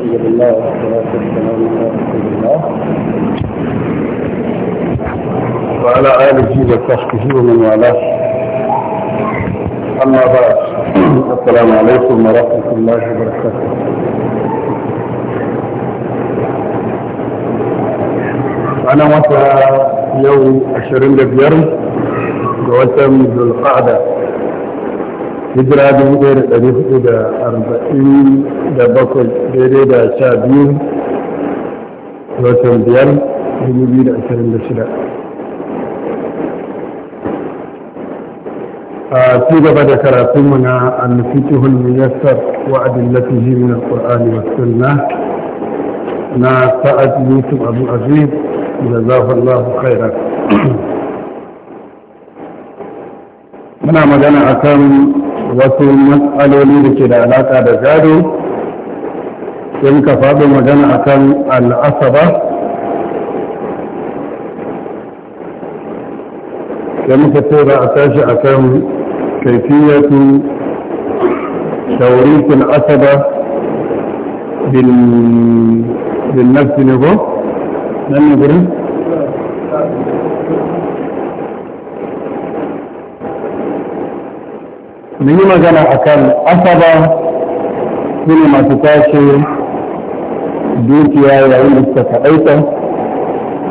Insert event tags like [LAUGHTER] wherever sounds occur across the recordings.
الحمد لله والصلاة والسلام على رسول الله وعلى آله وصحبه ومن والاه أما بعد السلام عليكم ورحمة الله وبركاته أنا وقتها يوم 25 ga watan zulqa'da hijira dubu ɗaya da ɗari hudu da arba'in da bakwai daidai da sha biyu watan biyar dubu biyu da ashirin da shida a ci gaba da karatunmu na alfikihul miyassar wa adillatihi min alqur'ani was sunna na sa'ad yusuf abu aziz jazakallahu khairan muna magana akan wasu matsaloli da ke da alaƙa da gado in ka faɗi magana akan al'asaba da muka ce za a tashi a kan kaifiyatu taurikin asaba bin nafsi ne ko? nan ne gurin? mu yi magana akan asaba su ne masu tashe dukiya yayin da suka kaɗaita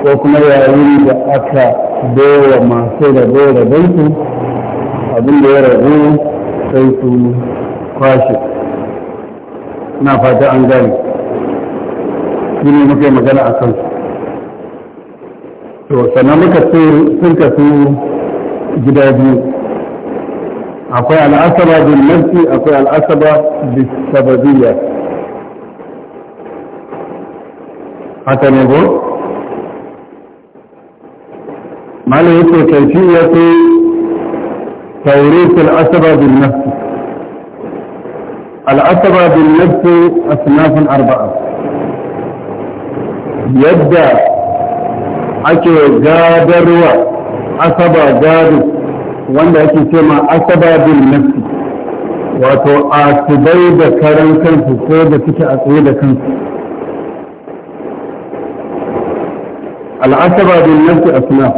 ko kuma yayin da aka baiwa masu bewa rabonsu abin da ya rabu sai su kwashe na fata an gani. su ne muke magana a kansu to sannan muka sun kasu gida biyu akwai al'asaba bin nafsi akwai al'asaba bin sababiyya haka ne ko malam yake kaifiyatu tawrit al'asaba bin nafsi al'asaba bin nafsi asnaf arba'a yadda ake gadarwa asaba gadu wanda yake ce ma asababin nafsi wato a tubai da karan kansu ko da suke a tsaye da kansu al'asaba bin nafsi asna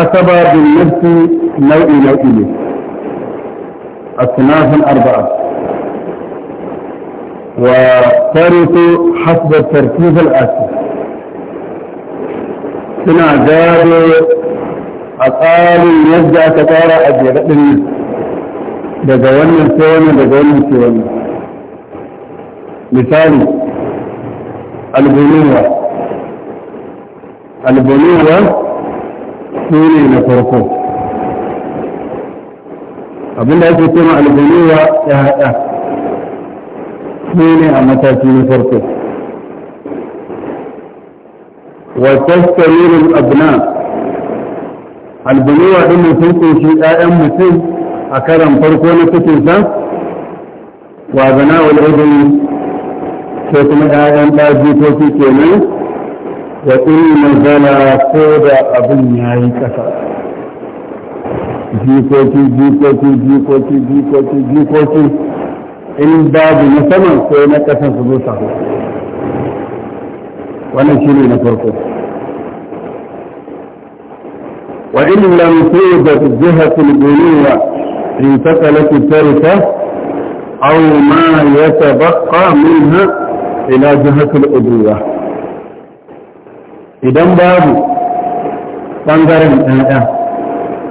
asaba bin nafsi nau'i nau'i ne asnafin arba'a وترث حسب الترتيب الآتي suna gado a tsarin yadda aka tsara a jere ɗin nan daga wannan sai wannan daga wannan sai wannan misali albunuwa albunuwa su ne na farko abinda ake cewa albunuwa ya haɗa su ne a mataki na farko وتستمر الأبناء din ɗin sun ƙunshi ‘ya'yan mutum a karan farko na cikinsa wa zana wa ɗin sai kuma ‘ya'yan ɗajikoki kenan da ɗin mazala ko da abin ya yi ƙasa jikoki jikoki jikoki jikoki jikoki in babu na saman sai na ƙasan su zo sa wannan shi ne na farko وإن لم توجد جهة البنوة انتقلت تركة أو ما يتبقى منها إلى جهة الأبوة إذن باب تنظر الآية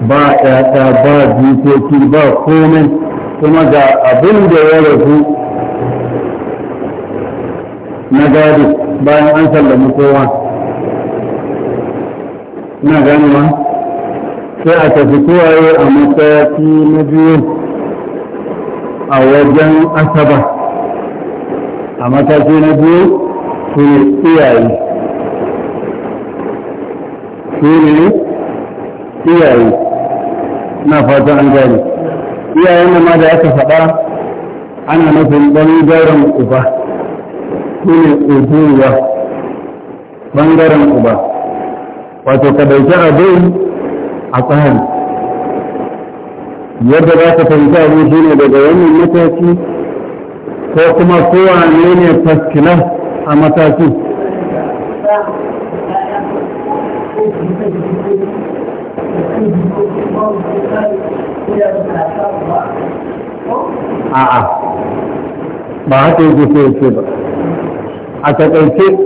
با إعطاء با جيتوكي با قومي ثم جاء أبن جواله نجادي با أنسى اللهم قوان sai a tafi kowaye a mataki na biyu a wajen asaba a mataki na biyu su ne iyaye su ne iyaye na fatan an gani Iyaye da ma da aka faɗa ana nufin ɓangaren uba su ne ubuwa ɓangaren uba wato ka ɗauki abin a tsari yadda za ka fahimta abin shi ne daga wannan mataki ko kuma kowa ne ne faskila a mataki a'a ba haka yake so yake ba a taƙaice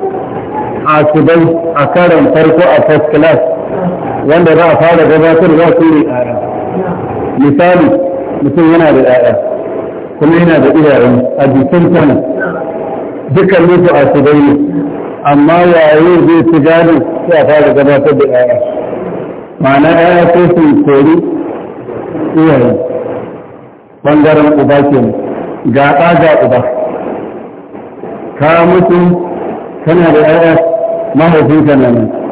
a su a karan farko a first class wanda za a fara gabatar za su ne a misali mutum yana da ɗaya kuma yana da iyayen a jikin tana dukkan nufu a su ne amma yayi zai fi gadin sai a fara gabatar da ɗaya ma'ana ɗaya ko su kori iyaye ɓangaren uba ke ga ɗa ga uba ka mutu kana da ɗaya mahaifinka na nan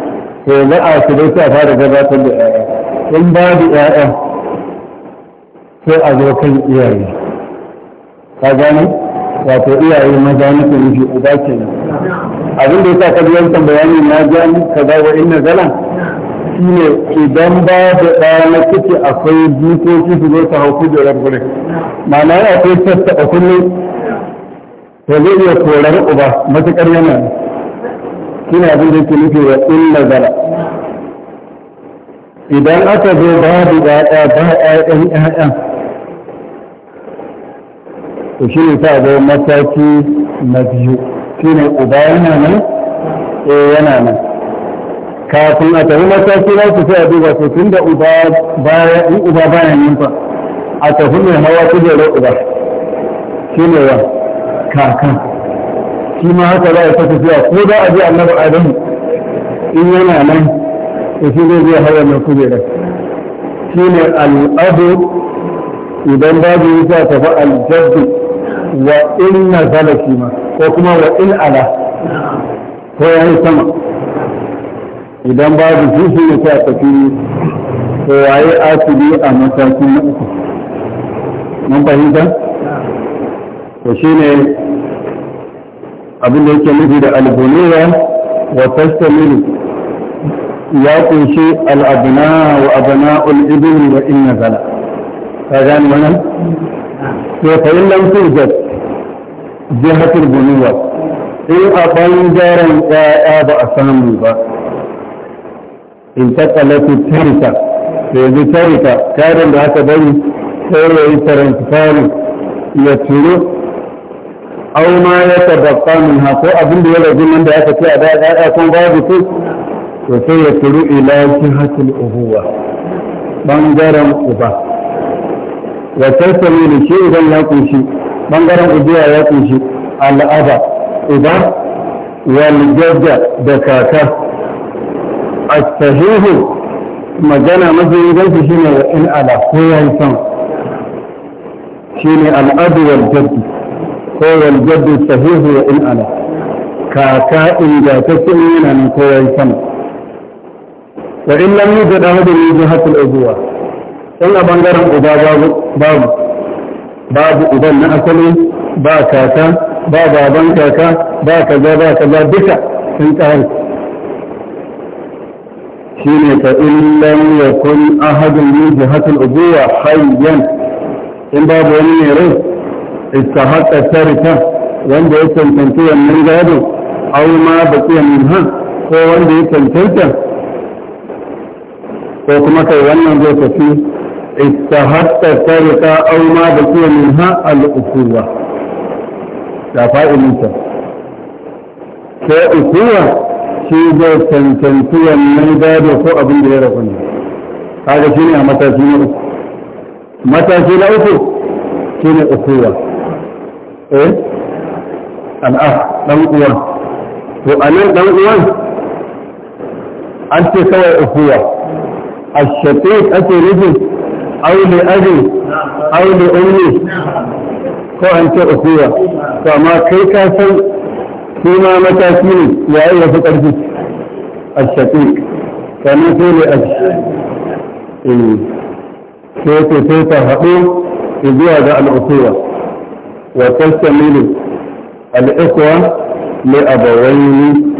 to na a su dai sai fara gabatar da ƴaƴa in babu ƴaƴa sai a zo kan iyaye ka gane wato iyaye maza nake nufi uba kenan abin da yasa ka ji wancan bayani na gani ka ga wa inna zalan shine idan ba da ɗa na kuke akwai jikoki su zai ta hau kujerar gurin ma'ana yana kai sassa a kullum to zai iya korar uba matuƙar yana Suna abin da yake nufi wa in nazara idan aka zo babu ƴaƴa ba ƴaƴan ƴaƴa to shine sa zo mataki na biyu shine uba yana nan e yana nan kafin a tafi mataki na su sai a duba to tunda uba baya in uba baya nan fa a tafi mai hawa kujerar uba shine wa kakan shi ma haka za a kasa cewa ko da a je annabi adam in yana nan to shi zai zai hawa mai kujera shi ne al'adu idan babu yasa tafi aljaddu wa in nazala shi ma ko kuma wa in ala ko ya yi sama idan babu shi shi ne ta tafi ko waye asibi a matakin na uku mun fahimta to shi ne abin da yake nufi da albuniya wa tastamilu ya kunshi al'abna wa abna'ul ibn wa in nazala ka gane wannan to fa in lam tujad jihatul bunuwa in a bayan bangaren ya'ya ba a samu ba in takalatu tarika da yanzu tarika tarin da aka bari sai ya yi tarin ya turo aw ma ya yatabaqqa minha ko abin da ya rage nan da aka ce a da ya kun babu su to sai ya turu ila jihatul ubuwa bangaren uba wa tasalu ne shi idan ya kunshi bangaren ubuwa ya kunshi al'ada uba wal jadda da kaka as-sahihu magana mafi inganci shine wa in ala ko ya san shine al'adu wal jaddu kowal jaddu sahihu wa in ala kaka ingantacce in yana nan ko yayi sama wa in lam yujad ahadun min jihatil ubuwa in a bangaren uba babu babu babu uban na asali ba kaka ba baban kaka ba kaza ba kaza duka sun kare shine fa in lam yakun ahadun min jihatil ubuwa hayyan in babu wani ne rai istahaqqa tarika wanda ya tantance wannan gado aw ma baqiya minha ko wanda ya tantance ko kuma kai wannan zai tafi istahaqqa tarika aw ma baqiya minha al-uquwa da fa'ilinta ko uquwa shi zai tantance wannan gado ko abin da ya rabu ne kaga shine a mataki na uku mataki na uku shine uquwa eh al'af ah, dan uwan to a nan dan uwan an ce kawai ukuwa ashaqiq ake nufi aure li aure aure li ko an ce ukuwa to amma kai ka san kuma mataki ne yayin ya fi karfi ashaqiq kamar eh, sai ne ce sai ta haɗu zuwa ga al'ukuwa وتشتمل الإخوة لأبوين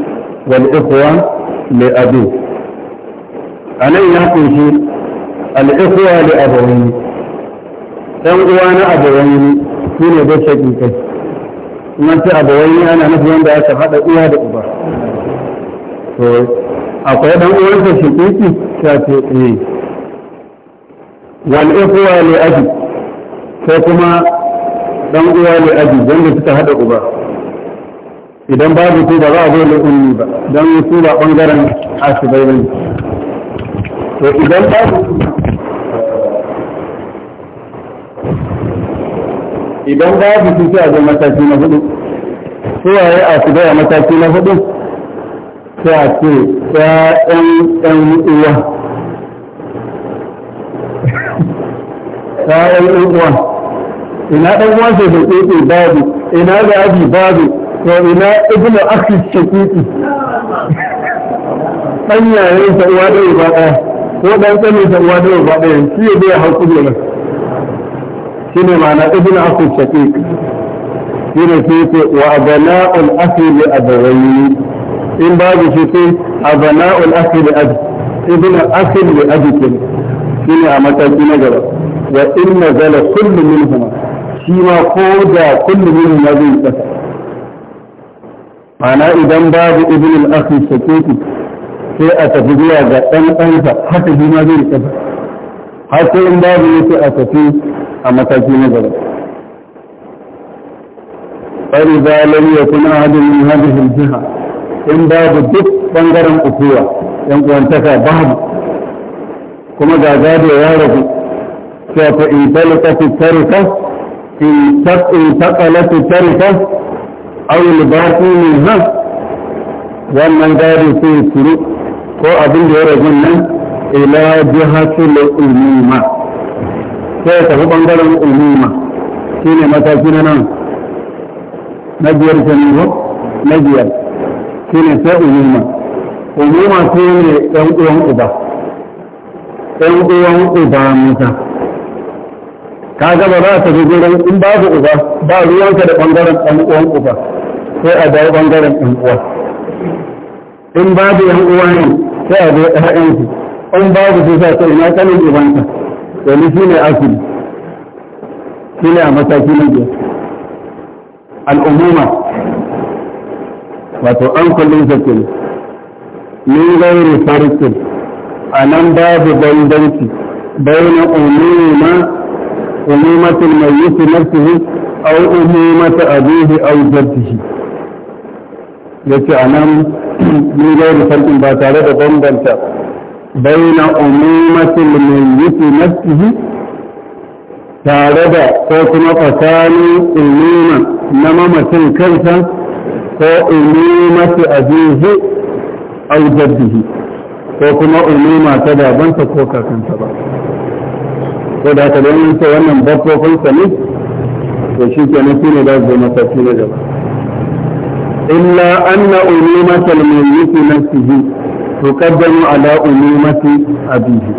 والإخوة لأبيه أنا يقول شيء الإخوة لأبوين تنقوان أبوين من يدى شكيك من أبوين أنا نفسي عندها هذا إياه لأبا أقول أن أولد شكيك شاكيك والإخوة لأبي فكما dan uwa ne aji wanda suka hada uba idan babu ko ba za a zo da ummi ba dan su ba bangaren asibai bane to idan babu idan babu su sai a zo mataki na hudu suwaye asibai a mataki na hudu sai a ce ƴaƴan ɗan uwa ƴaƴan [LAUGHS] uwa ina dan wansa da tsotse babu ina da abi babu to ina ibnu akhi shakiki dan yayin sa uwa da uba da ko dan tsanin sa uwa da uba da shi ya bai hakuri ne shi ne ma'ana ibnu akhi shakiki shi ne sai ce wa abana'ul akhi li abawayhi in babu shi sai abana'ul akhi li abi ibnu akhi li abi shi ne a mataki na gaba wa in nazala kullu minhuma shi ma ko da kullum yin na zai tsaka ma'ana idan babu ibn al-asir shakutu sai a tafi zuwa ga ɗan ɗansa haka shi ma zai tsaka har sai in babu yake a tafi a mataki na gaba فإذا لم يكن أحد من هذه الجهة إن باب duk ɓangaren ukuwa ‘yan kwantaka babu kuma ga gado ya rabu cewa fa in talaka fi tarika انتقلت التركة أو الباقي منها wannan gari sai turu ko abin da ya rage nan ila jihatul ulima sai ya tafi bangaren ulima shine mataki na nan na biyar kenan ko na biyar shine sai ulima ulima shine ɗan uwan uba ɗan uwan uba musa ka gaba za ta zo gurin in babu uba ba ruwanka da bangaren ɗan uba sai a dawo bangaren ɗan uwa in babu yan uwa ne sai a zo ɗayansu in babu su sa ta ina kanin ubanka domin shi ne asili shi ne a mataki na biyar al'umuma wato an kullum sakin min gauri farkin a nan babu bandanci bayan umuma أمومة الميت نفسه أو أمومة أبيه أو جده yace anan nan ni gairi farkin ba tare da bambanta baina umumatil mayyiti nafsihi tare da ko kuma tsakanin umuma na mamacin kansa ko umumati azihi au jaddihi ko kuma ta babansa ko kakansa ba ko da haka don ta wannan babbakon sa ne to shi ke nufi ne da zai masa shi ne gaba illa anna ulumata al-mayyit nafsihi tuqaddamu ala ulumati abihi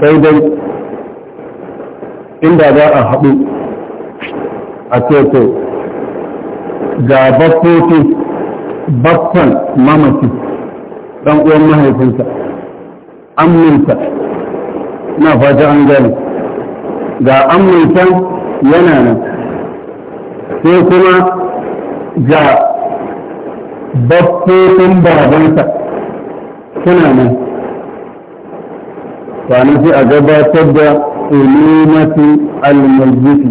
sai dai inda za a haɗu a ce to ga bakkoki bakwan mamaci ɗan uwan mahaifinsa aminsa na fata an gani ga amman can yana nan sai kuma ga baffofin babansa suna nan wani sai a gabatar da ilimati al-mulki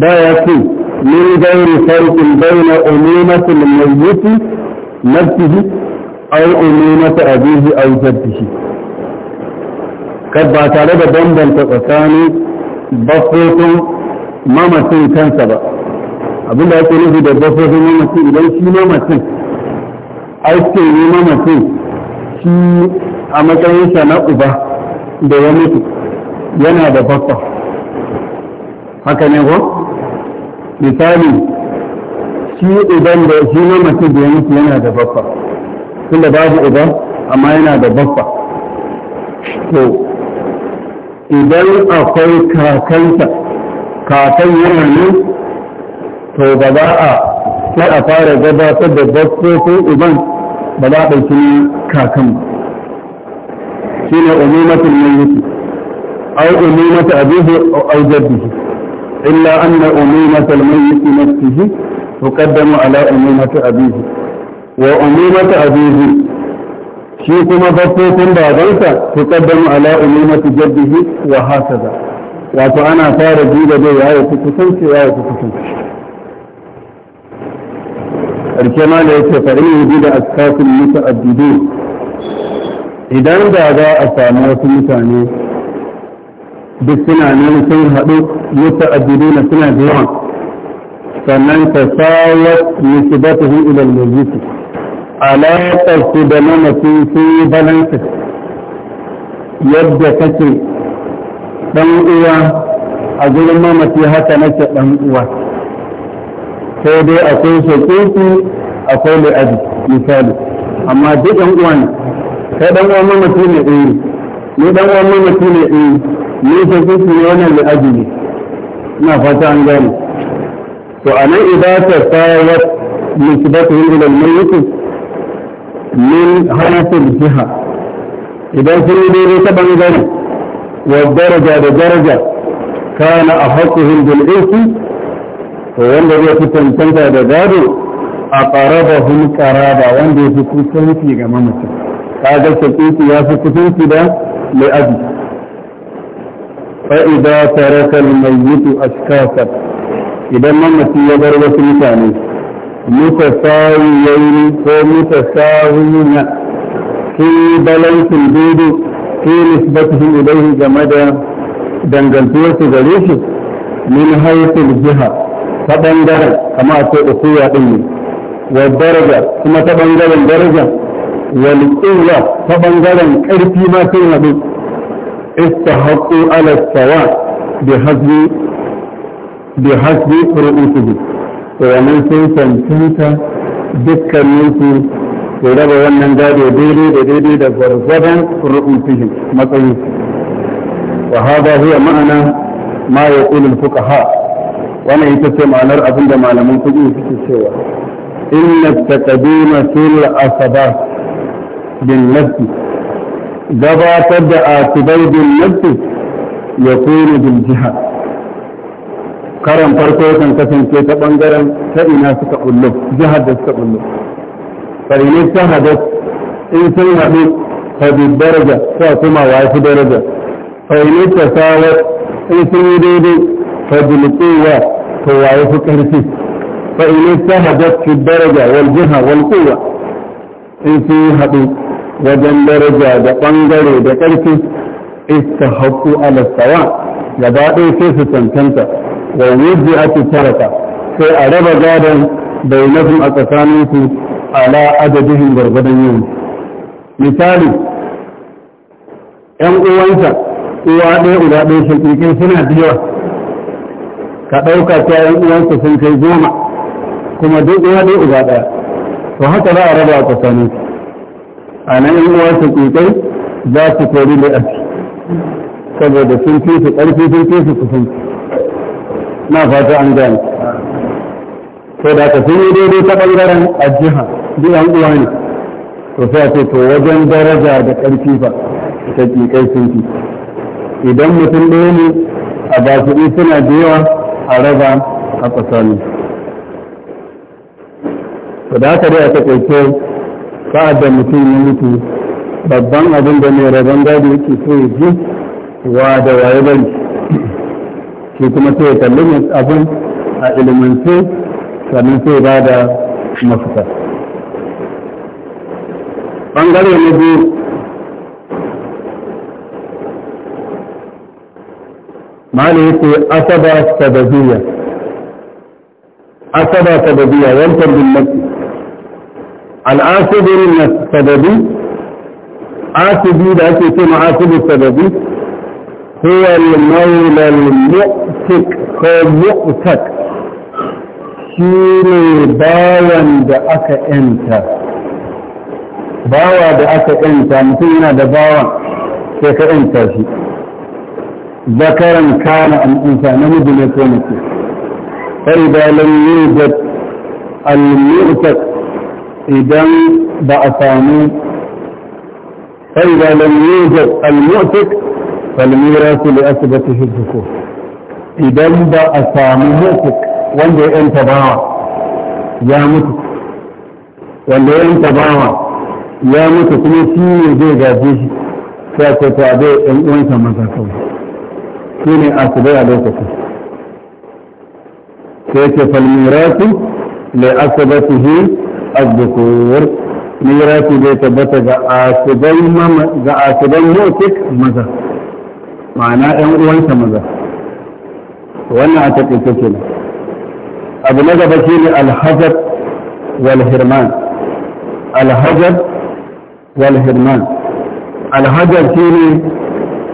da ya ce min gairi farkin baina ilimati al-mulki nafsihi aw ilimati abihi aw jaddihi kai ba tare da bambanta tsakanin bafofin mamacin kansa ba abinda ake nufi da bafofin mamacin idan shi mamacin aiki ne mamacin shi a sa na uba da ya mutu yana da bafa haka ne ko misali shi idan da shi mamacin da ya mutu yana da bafa tunda babu uba amma yana da bafa to idan akwai kakanta, kakan yana ne to ba za a sai a fara gabatar da dabbobin uban ba za a ɗauki kakan shi ne umumatul mayyiti ai umumatu abihi au jaddihi illa anna umumatul mayyiti nafsihi tuqaddamu ala umumati abihi wa umumatu abihi shi kuma tun da babansa su kaddamu ala umumati jaddihi wa hakaza wato ana fara duba dai yayi kusan ce yayi ku kusan karshe ma da yake farin yubi da askasin mutu abdidu idan da za a samu wasu mutane duk suna nan sun haɗu mutu abdidu na suna da yawa sannan ta sayar nisibatuhu ila al-majlis alaƙar su da mamacin sun yi balansa yadda kake ɗan uwa a gurin mamaci haka nake ɗan uwa sai dai akwai shaƙiƙi akwai la'adi misali amma duk ɗan uwa ne kai ɗan uwa mamaci ne ɗaya eh. ni ɗan uwa mamaci ne ɗaya eh. ni shaƙiƙi ne wannan la'adi ne ina fata an gane to a nan idan ta sayar nisbatu ila al-mayyit min harafin jiha idan sun yi daidai ta bangare wa daraja da daraja kana a haƙuhin bil'insu to wanda zai fi cancanta da gado a ƙaraba hun ƙaraba wanda ya fi kusanci ga mamacin kaga shaƙiƙi ya fi kusanci mai aji yitu ashkasar idan mamaci ya wasu mutane متساويين ومتساويين في بلنس الجود في نسبتهم إليه جمدا دنجنتوس غريش من حيث الجهة فبندر كما تؤخي أقل والدرجة كما تبندر الدرجة والأولى فبندر كرتي ما به استحقوا على السواء بحسب بحسب رؤوسهم wannan sun cancanta dukkaninsu su raba wannan gado daidai da daidai da gwargwadon ru'utihim matsayin wa hada huwa ma'ana ma yaqulu al-fuqaha wannan ita ce ma'anar abin da malaman kuɗi suke cewa inna taqdima fil asabat bin nafsi gabatar da asibai bin nafsi yakunu bil jihad karan farko kan kasance ta bangaren ta ina suka kullu jihar da suka kullu farinai ta hadas in sun haɗu ta bi daraja ta kuma wa fi daraja farinai ta sawar in sun yi daidai ta bilkuwa ta waye fi ƙarfi farinai ta hadas fi daraja wal jiha wal kuwa in sun haɗu wajen daraja da bangare da ƙarfi istahaku ala sawa gaba ɗaya sai su cancanta wa wujji ake taraka sai a raba gadon bai nafin a tsakaninsu ala adadin gwargwadon yin misali ‘yan uwanta uwa ɗaya uwa ɗaya shakikin suna da yawa ka ɗauka ta ‘yan uwansa sun kai goma kuma duk uwa ɗaya uwa ɗaya to haka za a raba a tsakaninsu a nan ‘yan uwansa shakikai za su kori da ake saboda sun fi su ƙarfi sun fi su kusanci na fata an gani to da ka sun yi daidai ta bangaren a jiha an uwa ne to sai a ce to wajen daraja da ƙarfi fa ta ƙiƙai sun fi idan mutum ɗaya ne a ɗi suna da yawa a raba a ƙasani to da haka dai a taƙaice sa'ad da mutum ya mutu babban abin da mai rabon gadi yake so ya ji wa da waye bari shi kuma sai ya kalli abin a ilimance sannan sai ba da mafita ɓangare na biyu mali ce asaba sababiyya asaba sababiyya yantar bin nafsi al'asibirin na sababi asibi da ake ce ma'asibi sababi هو المولى المؤتك هو مؤتك شيني باوا دعك انت باوا دعك انت انتين دا باوا كيك انت ذكرا كان ان انسان مدن يكونك فإذا لم يوجد المؤتك إذن بأسامه فإذا لم يوجد المؤتك falmirasu li asibati hibbuku idan ba a samu mutuk wanda ya yanta bawa ya mutu wanda ya yanta bawa ya mutu kuma shi ne zai gaje shi sai ko ta da ɗan uwansa maza kawai shi ne asibai a lokacin sai ce falmirasu li asibatihi az-zukur mirasi zai tabbata ga asibai ga asibai mutuk maza ma'ana ɗan uwansa maza wannan a taƙaice kenan abu na gaba shine alhajar wal hirman alhajar wal hirman alhajar shine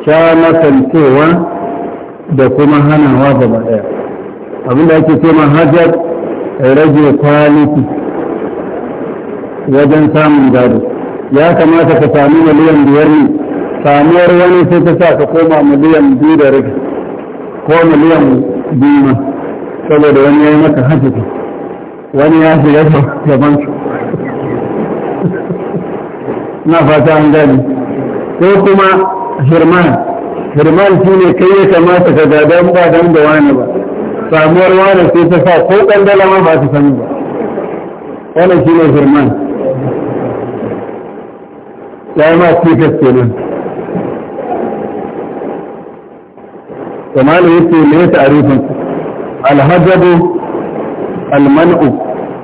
kyamatancewa da kuma hanawa gaba ɗaya abinda ake ce hajar rage kwaliti wajen samun gado ya kamata ka sami miliyan biyar ne samuwar wani sai ta sa ta koma miliyan biyu da rabi ko miliyan biyu ma saboda wani ya yi maka hajjiki wani ya fi yadda gaban su na fata an gani ko kuma hirman hirman shi ne kai ya kamata ka gada ba dan da wani ba samuwar wani sai ta sa ko ɗandala ma ba ta sani ba wannan shi ne hirman ya yi ma cikas kenan to malam yace me ya ta'arifin alhajabu alman'u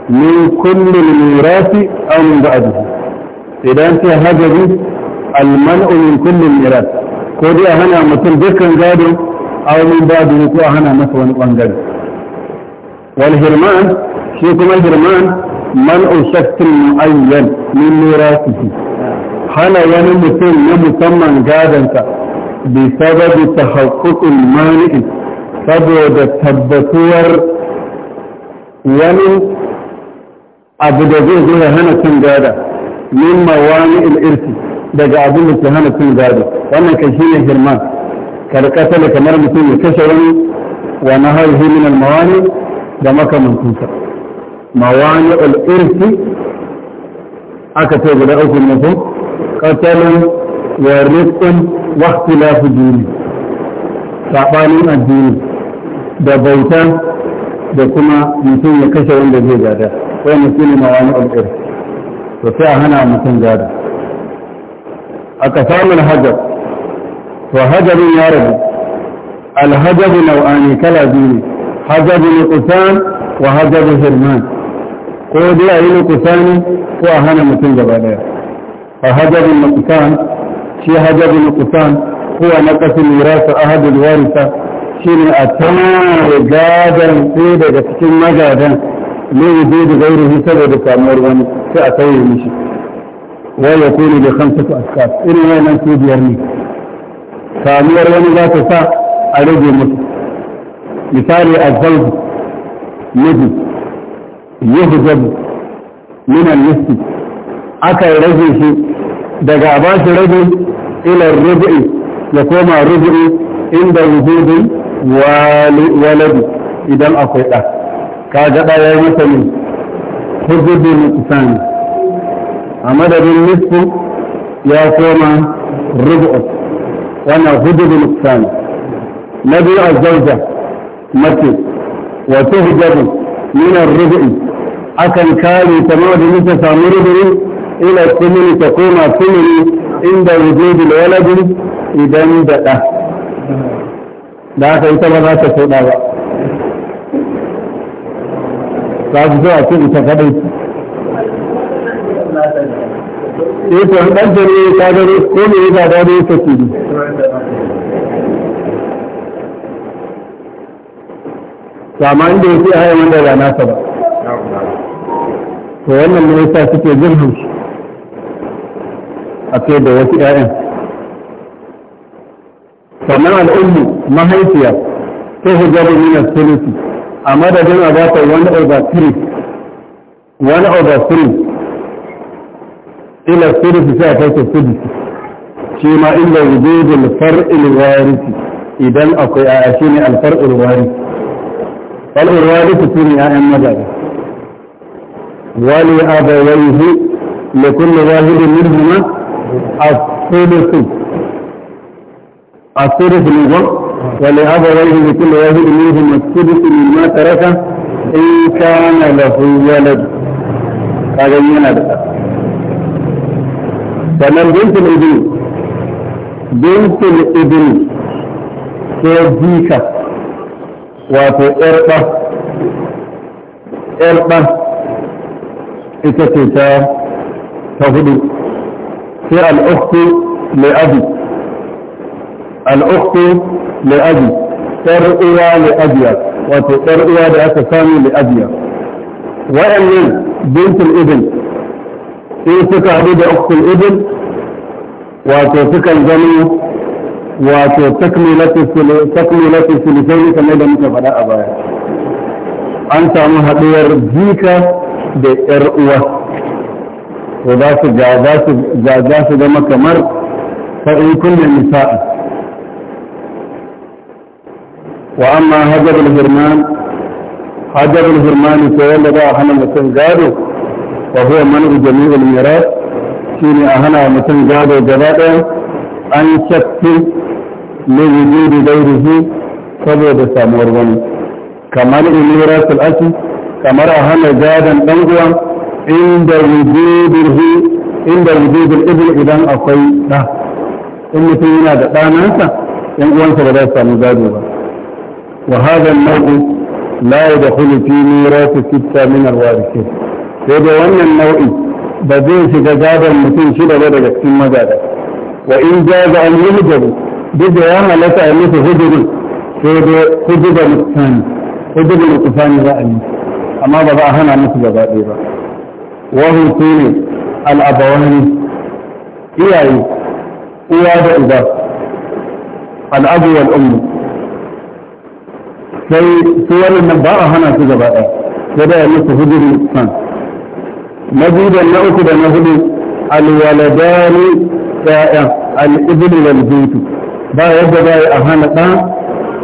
min kulli mirasi aw min ba'dihi idan sai hajabi alman'u min kulli miras ko dai hana mutum dukkan gado aw min ba'dihi ko hana masa wani bangare wal hirman shi kuma hirman man'u shakkin mu'ayyan min mirasihi hana wani mutum na musamman gadonsa بسبب تحقق المال فبعد تبتور ومن عبد الزيز هنا تنجادة من موانع الإرث دقى عبد الزيز هنا تنجادة وما كشين يهرمان كالقتل كمرم سيني كشرون ونهايه من الموانع دمك من تنسى موانع الإرث أكتب لأوكم نفسه قتلوا ورزق واختلاف ديني سعباني الديني دا بوتا دا كما نسين يكشى وان دا جي جادا وان نسين موانع الارث وفي اهنا نسين جادا اكثام الهجب وهجب يا رب الهجب نوعاني كلا ديني هجب نقصان وهجب هرمان قول دي اهل القسان وهنا نسين جبالا فهجب المقسان shi hajjabu na kusan kowa na ƙasa mirasa ahadul warisa shi ne a tana gadon sai daga cikin magadan ne zai da gairihi saboda samuwar wani sai a sauye mishi wai ya kone da kan tafi askar irin wannan su biyar ne samuwar wani za ta sa a rage mutu misali a zauji miji yahu zabu min al-mistik aka rage shi daga ba shi rabi ila rubu'i ya koma rubu'i inda wujudin waladu idan akwai ɗa ka ga ɗa ya yi masa ne hujjubin isani a madadin nisfu ya koma rubu'u wannan hujjubin isani na biyu a zauja mace wato hujjabin nuna rubu'i akan kare ta ma da nisa samu rubu'i إلى الثمن تقوم الثمن عند وجود الولد إذا دأ لا فإنت ما تسوء دعوة فأجزاء كنت فدي إذا أنت تقدر كل إذا a da wasu ƴaƴan kamar al'ummu mahaifiya ta hijabi min sulusi a madadin a bata wani over three wani over three ila sulusi sai a kai sulusi shi ma inda wujudul far'il warisi idan akwai ƴaƴa shine al-far'il warisi al-far'il warisi shine ƴaƴan mazaje ولأبويه لكل واحد منهما الثلث الثلث الأول ولأبويه لكل واحد منهم الثلث مما ترك إن كان له ولد هذا من هذا sannan bintul ibn bintul ibn ko jika wato ƴarɓa ƴarɓa ita ce ta ta hudu هي الأخت لأبي الأخت لأبي ترؤيا لأبي وترؤيا لأتسامي لأبي وأن بنت الإبن إن سكا أخت الإبن وتسكا الجميع وتكملة الثلثين كما إذا فلا أبايا أنت مهدير جيكا بإرؤوة to za su za su zama kamar fa'in kullum nisa'i wa amma hajar al-hirman hajar al-hirman ko wanda za a hana mutum gado wa huwa manu jami'ul miras shine a hana mutum gado gaba ɗaya an shakki ne wujudi daurihi saboda samuwar wani kamar al-miras al kamar a hana gadon ɗan uwan inda wujudihi inda wujudul ibn idan akwai da in mutum yana da ɗanansa in uwansa ba za su samu gado ba wa hadha an-naw'u la yadkhulu fi mirathi sitta min al sai da wannan nau'i ba zai shiga gadon mutum shida ba daga cikin magada wa in jaza an yi yuljabu duk da ya halatta a musu hujurin sai da hujurin mutane hujurin mutane za a yi amma ba za a hana musu gaba ɗaya ba wahun su ne al'abawani iyaye uwa da uba al'abu wal ummu sai su wani nan ba a hana su gaba ɗaya sai da musu hujuri kan na biyu da na uku da na hudu alwaladani ya'ya al'ibnu wal bintu ba yadda ba a hana ɗa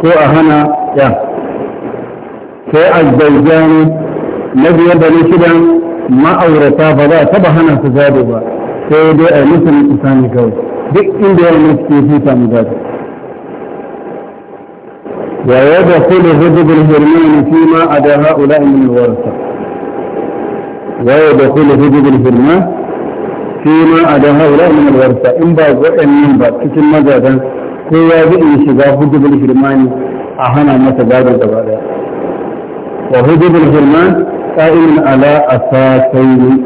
ko a hana ya sai azzawjani na biyar da na shidan ma'aurata ba za a taba hana su gado ba sai dai a yi musu nisa ne kawai duk inda yawan suke su samu gado wa ya da kudu hujjubul hirmani fi ma a da ha'ula min warsa wa ya da kudu hujjubul hirmani fi ma a da ha'ula min warsa in ba waɗannan ba cikin mazajen kowa zai iya shiga hujjubul hirmani a hana masa gadon gaba daya wa hujjubul hirmani قائم على أساسين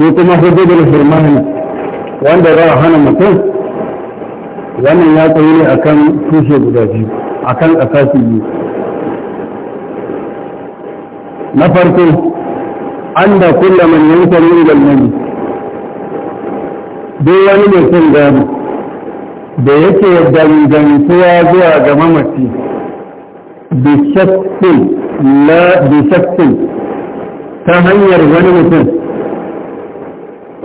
shi kuma hududul firman wanda za a hana mutum wannan ya tsaye ne akan tushe guda biyu akan asasi biyu na farko an da kulla man yankan min galmani duk wani son gado da yake dangantuwa zuwa ga mamaci bi shakkin la ta hanyar wani mutum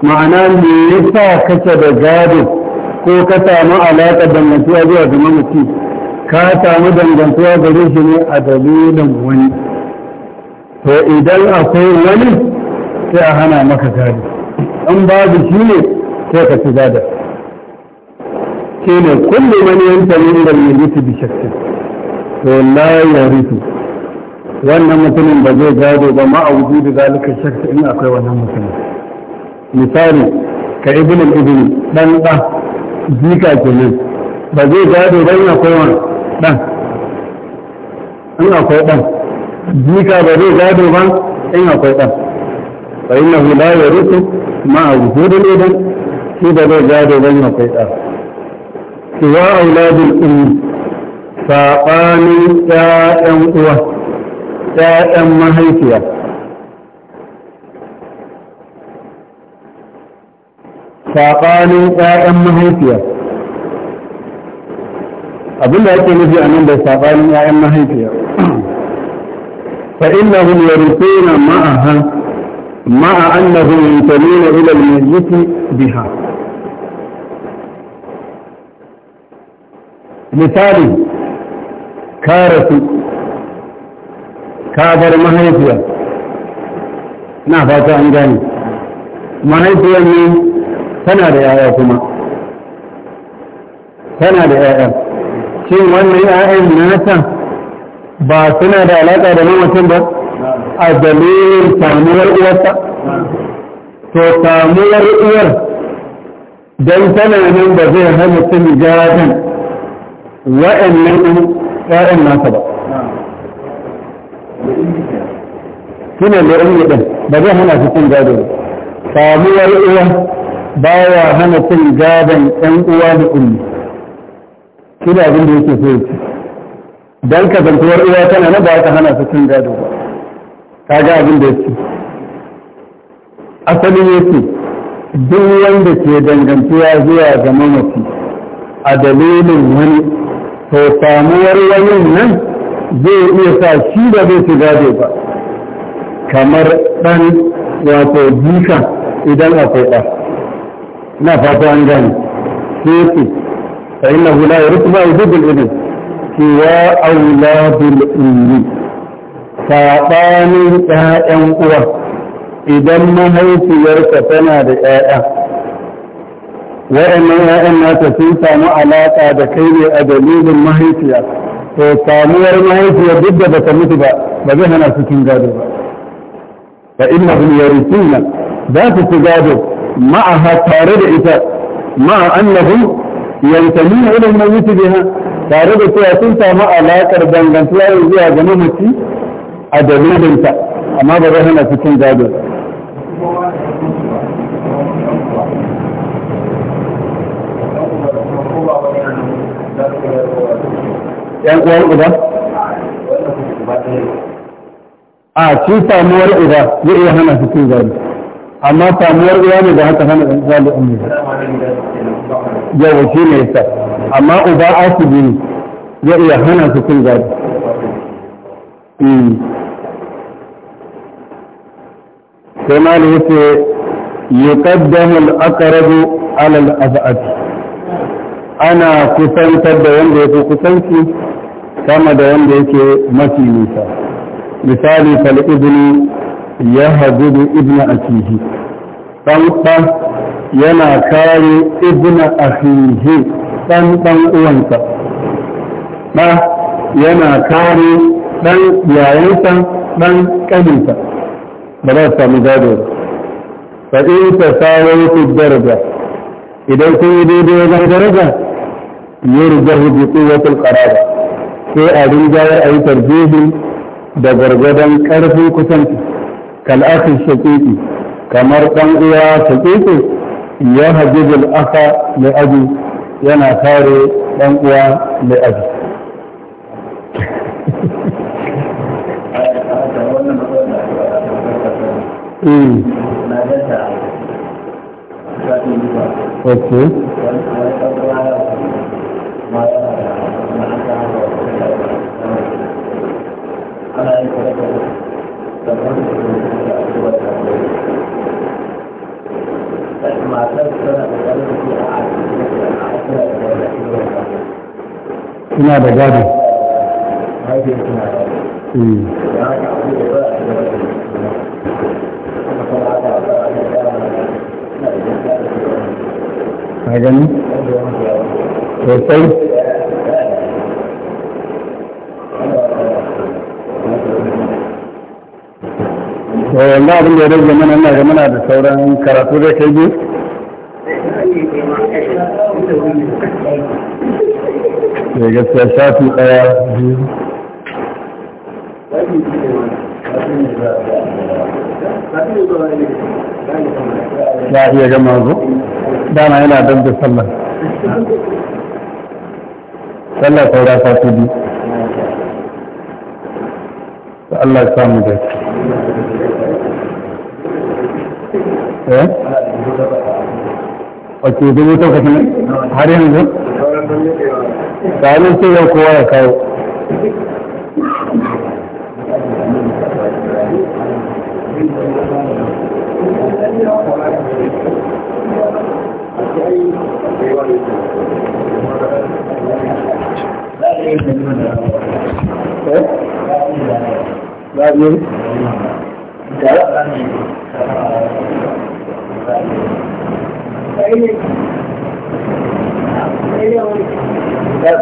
ma'ana me yasa kake da gado ko ka samu alaƙa dangantuwa zuwa ga mamaci ka samu dangantuwa gare shi ne a dalilin wani to idan akwai wani sai a hana maka gado in babu shi ne sai ka ci gado shi ne kullum wani yanta ne da mai yi bi shakkin to na yi rufe wannan mutumin ba zai gado ba ma a wujudu zalika shakka in akwai wannan mutumin misali ka ibn ibn dan da jika kenan ba zai gado ba in akwai wani dan in akwai dan jika ba zai gado ba in akwai dan fa innahu la yarithu ma a wujudu idan shi ba zai gado ba in akwai dan siwa auladul ummi saɓanin ƴaƴan uwa ‘ya'yan mahaifiya saɓanin ‘ya'yan mahaifiya abinda ake nufi a nan da saɓanin ‘ya'yan mahaifiya فإنهم يرثون معها مع أنهم ينتمون إلى الميت بها مثال كارث kabar mahaifiya mahaifiyar na fata an gani. mahaifiyar ne tana da yaya kuma tana da yaya shi wannan yayan nasa ba suna da alaƙa da mamacin ba a dalilin samuwar uwarsa to samuwar uwar don tana nan da zai hana cin gadon wa'annan ƴaƴan nasa ba suna da ɗan ɗan ba zai hana su cin gado samuwar uwa ba ya hana cin gadon ɗan uwa da ummi Kina da abin da yake so ya ci don kasantuwar uwa tana na ba ta hana su cin gado ba ka ga abin da yake asalin yake duk wanda ke dangantuwa zuwa ga mamaci a dalilin wani to samuwar wani nan zai iya sa shi da zai su gado ba kamar ɗan wato jika idan akwai ɗa na fata an gani sai ce fa inna hula ya rufu ma'a zubin ilin cewa auladul ilmi saɓanin ƴaƴan uwa idan mahaifiyarka tana da ƴaƴa wa'annan ‘ya'yan nata sun samu alaƙa da kai ne a dalilin mahaifiya to kamuwar mahaifiyar duk da bata mutu ba ba zai hana su cin gado ba fa inna hum yarithuna za su ci gado ma'aha tare da ita ma'a annahum yantamuna ila al biha tare da cewa sun samu alaƙar dangantuwa zuwa ga mamaci a dalilinta amma ba zai hana su cin gado ‘yan uwan uba? a shi samuwar uba zai iya hana su cin amma samuwar uba ne da haka hana ɗan gado an yi yawa shi ne yasa amma uba asibi ne zai iya hana su cin gado hmm. sai ma da yake yi al-aqrabu ala al ana kusantar da wanda ya fi kusanci sama da wanda yake mafi nisa misali fal ibnu yahdudu ibnu akihi dan ba yana kare ibnu akihi dan dan uwansa ba yana kare dan yayansa dan kaninsa ba za su samu gado fa in tasawaitu daraja idan kun yi daidai wajen daraja yurjahu bi quwwatil qaraba sai a rinjayar a yi tarjihi da gargadon ƙarfin kusanci kal'afin shaƙiƙi kamar ɗan uwa shaƙiƙi ya da aka mai aji yana kare ɗan uwa mai aji [LAUGHS] hmm. Okay. matar ina da gado eh. gani? sosai eh, abin da ya rage mana ina ga muna da sauran karatu zai kai biyu da gaskiya shafi daya biyu a iya gama zo dama yana dab da sallar sallah saura sati biyu Allah ya samu da ok dubu takwas har yanzu kawo ce yau kowa ya kawo Thank you.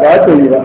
ba ta yi ba